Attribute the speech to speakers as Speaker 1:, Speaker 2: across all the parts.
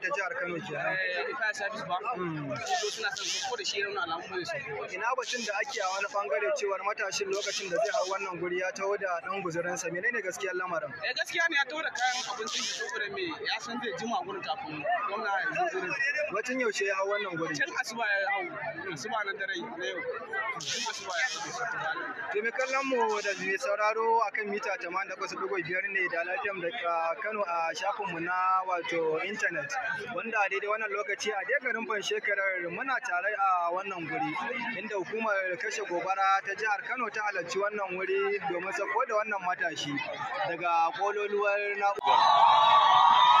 Speaker 1: ta jihar Kano ke nan. Eh, Ita service ba. Hmm. Suna son ko da shi rauna alamu ba su. Ina batun da ake a wani bangare cewar matashin lokacin da zai hau wannan guri ya taho da dan guzurinsa menene gaskiyar lamarin? Eh gaskiya ne ya taho da kayan abinci saboda me ya san zai jima gurin kafin gwamna ya zo Wacin yaushe ya hau wannan guri? Can asuba ya hau asuba na dare na yau. Asuba ya hau. Tumi kallon mu da mai sauraro akan mita 88.5 ne da lafiyam daga Kano a shafinmu na wato intanet. wanda a daidai wannan lokaci a dai garin shekarar muna tare a wannan guri inda hukumar kashe gobara ta jihar Kano ta halarci wannan wuri domin sako da wannan matashi daga kololuwar na'ura.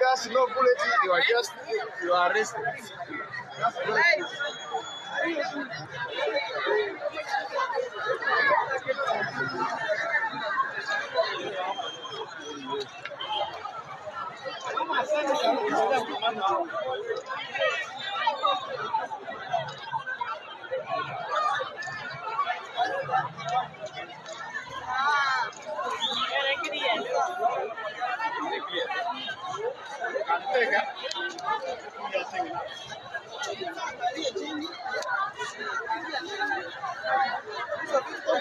Speaker 1: gas, no bullet, you are just,
Speaker 2: you are arrested.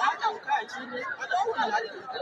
Speaker 2: Ya kan kaji ne, ba da kuma lalata.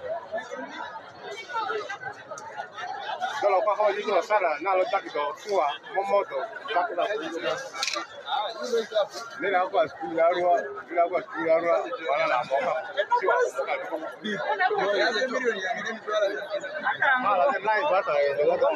Speaker 2: Mahoa Yusuf Sala náà lọ jákèjọ fún wa mọ́mọ́dọ̀ jákèjọ fún yìí.
Speaker 1: Lẹ́yìn àgbà sùkúlù arúgbó lẹ́yìn àgbà sùkúlù arúgbó wàhálà là mọ́ kà
Speaker 2: sí wa kà ní kókó. Bí Màlá bá tà ẹ̀ lọ́wọ́ kan.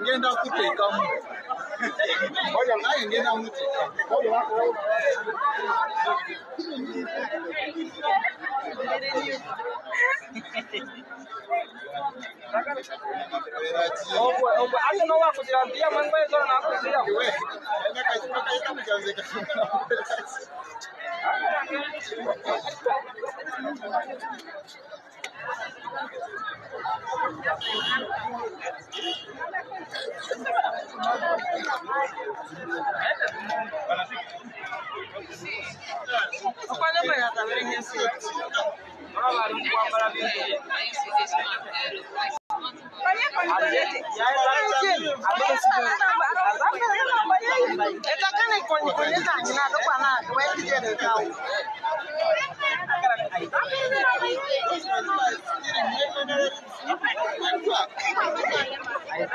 Speaker 2: Ngenda kuce kamu.
Speaker 1: Wajen na yin ngenda mutu.
Speaker 2: Ogwe, ogwe, hata nawa kuzira mbia mwangu yezo na kuzira. Wewe, naka naka yaka mjanze kashika. Apa namanya? banyak, ini sih. Orang baru buat para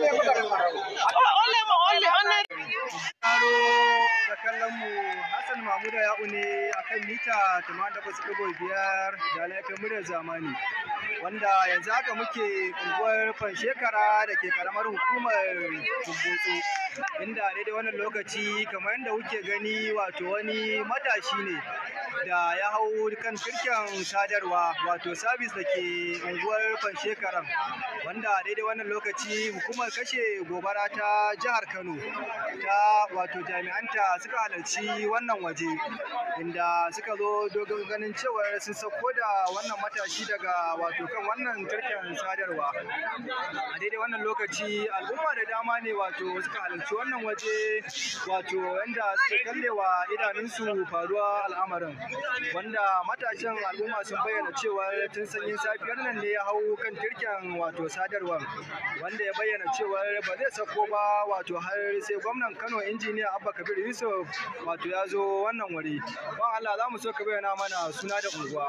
Speaker 2: da
Speaker 1: kallon mu Hassan Mahmuda Ya'u ne akan mita 88.5 da laifin muryar zamani wanda yanzu haka muke unguwar shekara da ke karamar hukumar Tumbutsu. inda a daidai wannan lokaci kamar yadda kuke gani wato wani matashi ne da ya hau kan kirkin sadarwa wato sabis da ke unguwar shekaran, wanda a daidai wannan lokaci hukumar kashe gobara ta jihar kano ta wato jami'anta suka halarci wannan waje inda suka zo dogon ganin cewar sun sauko da wannan matashi daga wato kan wannan kirkin sadarwa a daidai wannan lokaci al'umma da dama ne wato suka halarci fuskanci wannan waje wato yanda suka wa idanunsu faruwa al'amarin wanda matashin al'umma sun bayyana cewa tun sanyin safiyar nan ne ya hau kan tirken wato sadarwa wanda ya bayyana cewa ba zai sako ba wato har sai gwamnan Kano injiniya Abba Kabir Yusuf wato ya zo wannan wuri ba Allah za mu so ka bayyana mana suna da unguwa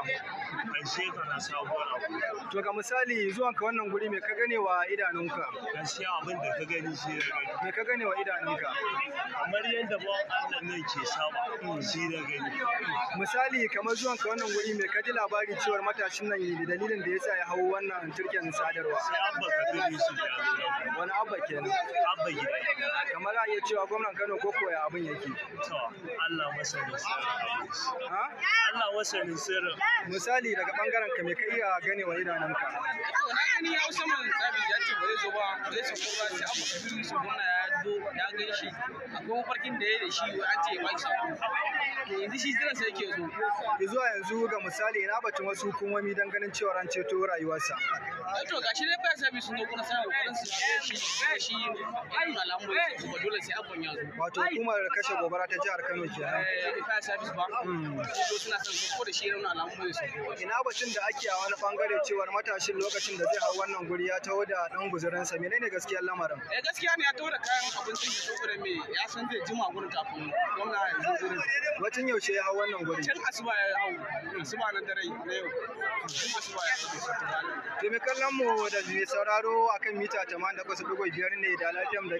Speaker 1: to ga misali zuwanka wannan guri me ka gane wa idanunka gaskiya abin da ka gani shi ka gane gane wa idanunka kamar yadda ba Allah ke saba shi da gani misali kamar zuwan ka wannan wuri mai kaji labari cewar matashin nan da dalilin da yasa ya hau wannan turken sadarwa sai abba ka su wani abba kenan abba gida amma za a iya cewa gwamnan Kano ko koya abin yake to Allah masanin sirrin ha Allah masanin sirrin misali daga bangaren ka me ka iya ganewa idanunka
Speaker 2: ni ya Usman Sabi ya ce ba zai zo ba ba zai sauko ba sai amma su gwamna ya zo ya shi akwai mafarkin da ya da shi ya ce ya ba shi yanzu shi jiran sai yake zo
Speaker 1: zuwa yanzu ga misali ina batun wasu hukumomi don ganin cewa an ceto rayuwarsa
Speaker 2: eh to ga shi ne ba sabi sun zo kuna sanar kudin su shi shi
Speaker 1: alamu kuma dole sai abun ya zo wato hukumar kashe gobara ta jihar Kano ke nan eh fire service ba to hmm. suna son ko da shi rauna alamu mai su ina batun da ake a wani bangare cewar matashin lokacin da zai hau wannan guri ya taho da dan guzurin sa menene gaskiyar lamarin eh gaskiya ne ya taho da kayan abincin da saboda me ya san zai jima gurin kafin gwamnati ya zo tun yaushe ya hau wannan guri tun asuba ya hau asuba na dare na yau tun asuba ya hau kallon mu da zai sauraro akan mita da biyar ne da lafiyam da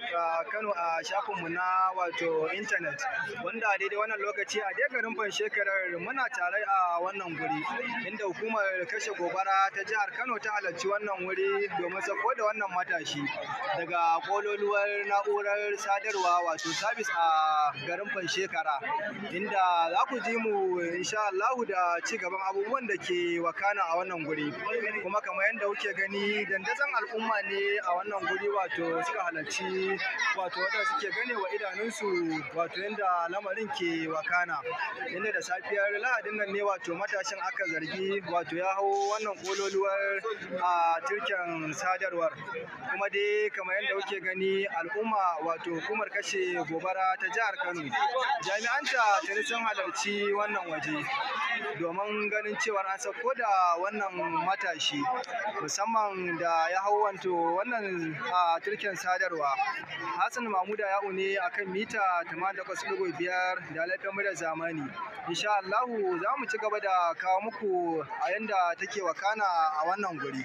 Speaker 1: Kano a shafin mu na wato intanet, wanda a daidai wannan lokaci a dai garin fan shekarar muna tare a wannan guri inda hukumar kashe gobara ta jihar Kano ta halarci wannan wuri domin sako da wannan matashi daga kololuwar na'urar sadarwa wato sabis a garin fan shekara inda za ku ji mu insha Allah da ci gaban abubuwan da ke wakana a wannan guri kuma kamar yadda kuke gani dandazon al'umma ne a wannan guri wato suka halarci wato wadanda suke gane wa idanunsu wato yadda lamarin ke wakana inda da safiyar lahadin nan ne wato matashin aka zargi wato ya hau wannan kololuwar a turken sadarwar kuma dai kamar yadda kuke gani al'umma wato hukumar kashe gobara ta jihar Kano jami'an ta sun halarci wannan waje domin ganin cewar an sauko da wannan matashi musamman da ya hau wanto wannan a turken sadarwa hassan mamuda ya'u ne kan mita 8.5 da laifin mura zamani insha Allahu za mu ci gaba da kawo muku a yanda take wakana a wannan guri